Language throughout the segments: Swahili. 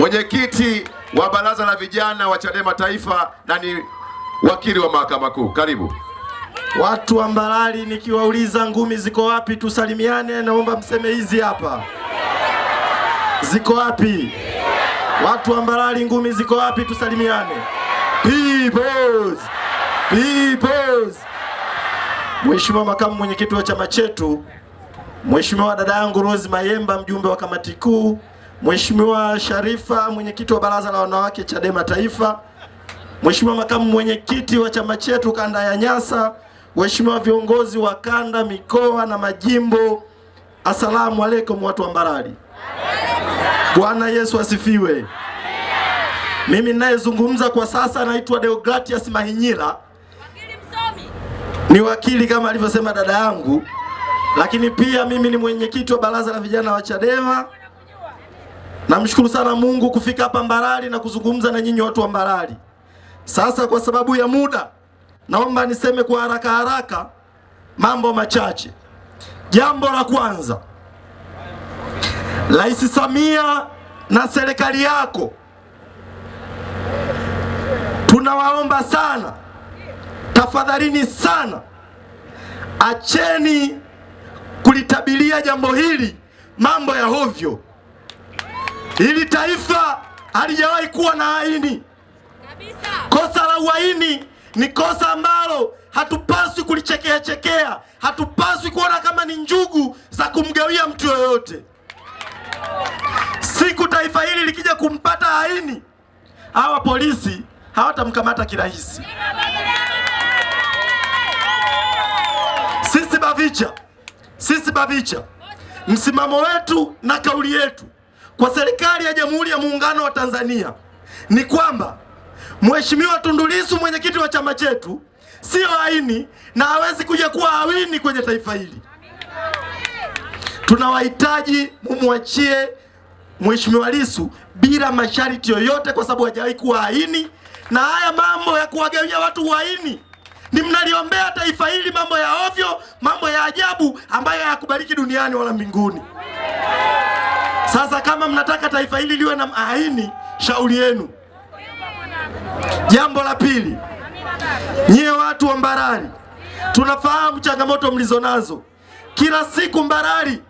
mwenyekiti wa baraza la vijana wa Chadema Taifa na ni wakili wa mahakama kuu. Karibu watu wa Mbarali, nikiwauliza ngumi ziko wapi, tusalimiane, naomba mseme hizi hapa ziko wapi? Watu wa Mbarali, ngumi ziko wapi? Tusalimiane. Peoples, peoples. Mheshimiwa makamu mwenyekiti wa chama chetu, Mheshimiwa dada yangu Rose Mayemba, mjumbe wa kamati kuu Mheshimiwa Sharifa, mwenyekiti wa baraza la wanawake Chadema Taifa, Mheshimiwa makamu mwenyekiti wa chama chetu kanda ya Nyasa, Waheshimiwa viongozi wa kanda, mikoa na majimbo, asalamu alaikum watu wa Mbarali. Bwana Yesu asifiwe. Mimi ninayezungumza kwa sasa naitwa Deogratias Mahinyira, ni wakili kama alivyosema dada yangu, lakini pia mimi ni mwenyekiti wa baraza la vijana wa Chadema Namshukuru sana Mungu kufika hapa Mbarali na kuzungumza na nyinyi watu wa Mbarali. Sasa kwa sababu ya muda, naomba niseme kwa haraka haraka mambo machache. Jambo la kwanza, Rais Samia na serikali yako tunawaomba sana, tafadhalini sana, acheni kulitabilia jambo hili mambo ya hovyo. Hili taifa halijawahi kuwa na haini kabisa. Kosa la uhaini ni kosa ambalo hatupaswi kulichekea chekea, hatupaswi kuona kama ni njugu za kumgawia mtu yoyote. Siku taifa hili likija kumpata haini, hawa polisi hawatamkamata kirahisi. Sisi Bavicha, sisi Bavicha, msimamo wetu na kauli yetu kwa serikali ya Jamhuri ya Muungano wa Tanzania ni kwamba Mheshimiwa Tundu Lissu mwenyekiti wa chama chetu sio haini na hawezi kuja kuwa hawini kwenye taifa hili. Tunawahitaji mumwachie Mheshimiwa Lissu bila masharti yoyote, kwa sababu hajawahi kuwa haini, na haya mambo ya kuwagawia watu uhaini ni mnaliombea taifa hili, mambo ya ovyo, mambo ya ajabu ambayo hayakubaliki duniani wala mbinguni. Sasa kama mnataka taifa hili liwe na ahaini, shauri yenu. Jambo la pili, nyie watu wa Mbarali, tunafahamu changamoto mlizo nazo. Kila siku Mbarali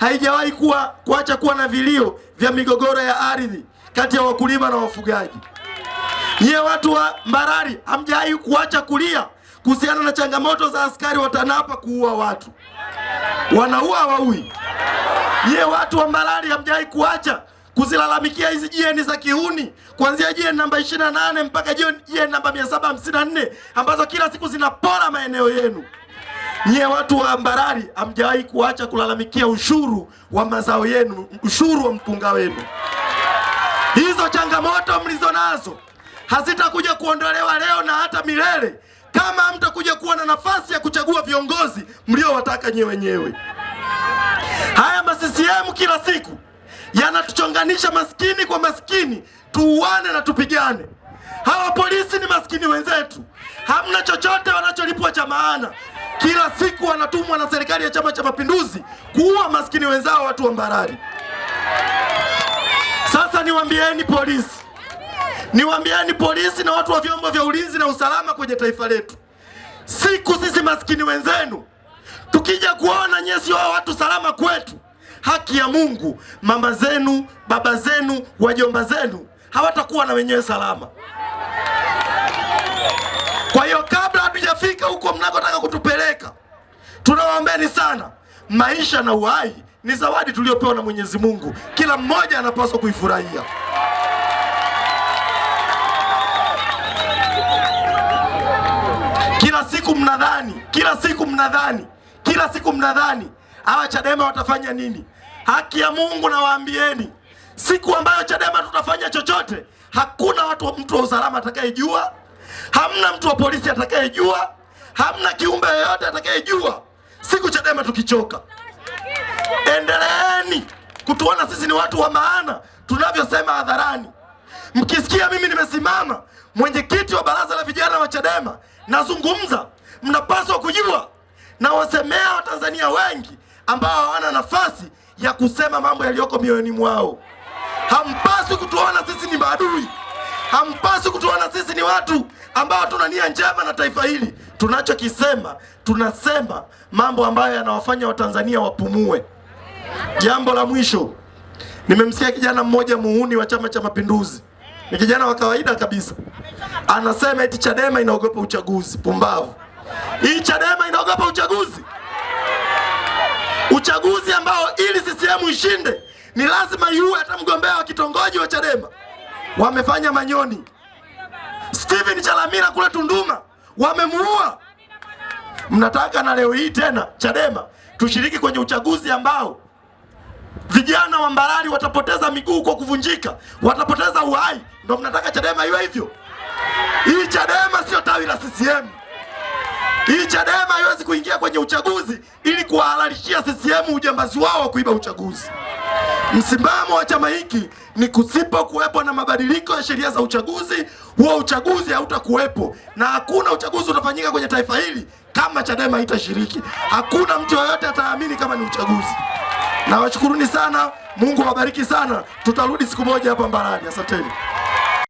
haijawahi kuwa kuacha kuwa na vilio vya migogoro ya ardhi kati ya wakulima na wafugaji. Nyie watu wa Mbarali hamjawahi kuacha kulia kuhusiana na changamoto za askari wa TANAPA kuua watu, wanaua waui Ye, watu wa Mbalali hamjawahi kuacha kuzilalamikia hizi jieni za kihuni kuanzia jieni namba 28 mpaka jieni namba 754 ambazo kila siku zinapora maeneo yenu. Nyie watu wa Mbarali hamjawahi kuacha kulalamikia ushuru wa mazao yenu, ushuru wa mpunga wenu. Hizo changamoto mlizo nazo hazitakuja kuondolewa leo na hata milele, kama mtakuja kuwa na nafasi ya kuchagua viongozi mliowataka nyewe wenyewe. Haya ma CCM kila siku yanatuchonganisha maskini kwa maskini, tuuane na tupigane. Hawa polisi ni maskini wenzetu, hamna chochote wanacholipwa cha maana. Kila siku wanatumwa na serikali ya Chama cha Mapinduzi kuua maskini wenzao, watu wa Mbarali. Sasa niwaambieni polisi, niwaambieni polisi na watu wa vyombo vya ulinzi na usalama kwenye taifa letu, siku sisi maskini wenzenu Tukija kuona nyesi wa watu salama kwetu, haki ya Mungu, mama zenu, baba zenu, wajomba zenu hawatakuwa na wenyewe salama. Kwa hiyo kabla hatujafika huko mnakotaka kutupeleka, tunawaombeni sana. Maisha na uhai ni zawadi tuliyopewa na Mwenyezi Mungu, kila mmoja anapaswa kuifurahia. Kila siku mnadhani, kila siku mnadhani kila siku mnadhani hawa Chadema watafanya nini? Haki ya Mungu nawaambieni, siku ambayo Chadema tutafanya chochote, hakuna watu mtu wa usalama atakayejua, hamna mtu wa polisi atakayejua, hamna kiumbe yoyote atakayejua. Siku Chadema tukichoka, endeleeni kutuona sisi ni watu wa maana, tunavyosema hadharani. Mkisikia mimi nimesimama mwenyekiti wa baraza la vijana wa Chadema nazungumza, mnapaswa kujua na wasemea Watanzania wengi ambao hawana nafasi ya kusema mambo yaliyoko mioyoni mwao. Hampasi kutuona sisi ni maadui, hampasi kutuona sisi ni watu ambao tuna nia njema na taifa hili. Tunachokisema, tunasema mambo ambayo yanawafanya Watanzania wapumue. Jambo la mwisho, nimemsikia kijana mmoja muhuni wa Chama cha Mapinduzi, ni kijana wa kawaida kabisa, anasema eti Chadema inaogopa uchaguzi. Pumbavu! Hii Chadema inaogopa uchaguzi, uchaguzi ambao ili CCM ishinde ni lazima yuwe hata mgombea wa kitongoji wa Chadema wamefanya manyoni. Steven Chalamila kule Tunduma wamemuua. Mnataka na leo hii tena Chadema tushiriki kwenye uchaguzi ambao vijana wa Mbarali watapoteza miguu kwa kuvunjika, watapoteza uhai. ndo mnataka Chadema iwe hivyo? Hii Chadema sio tawi la CCM. Hii Chadema haiwezi kuingia kwenye uchaguzi ili kuwahalalishia CCM ujambazi wao wa kuiba uchaguzi. Msimamo wa chama hiki ni kusipo kuwepo na mabadiliko ya sheria za uchaguzi, huo uchaguzi hautakuwepo na hakuna uchaguzi utafanyika kwenye taifa hili kama Chadema haitashiriki. Hakuna mtu yoyote ataamini kama ni uchaguzi. Nawashukuruni sana, Mungu awabariki sana. Tutarudi siku moja hapa Mbarali. Asanteni.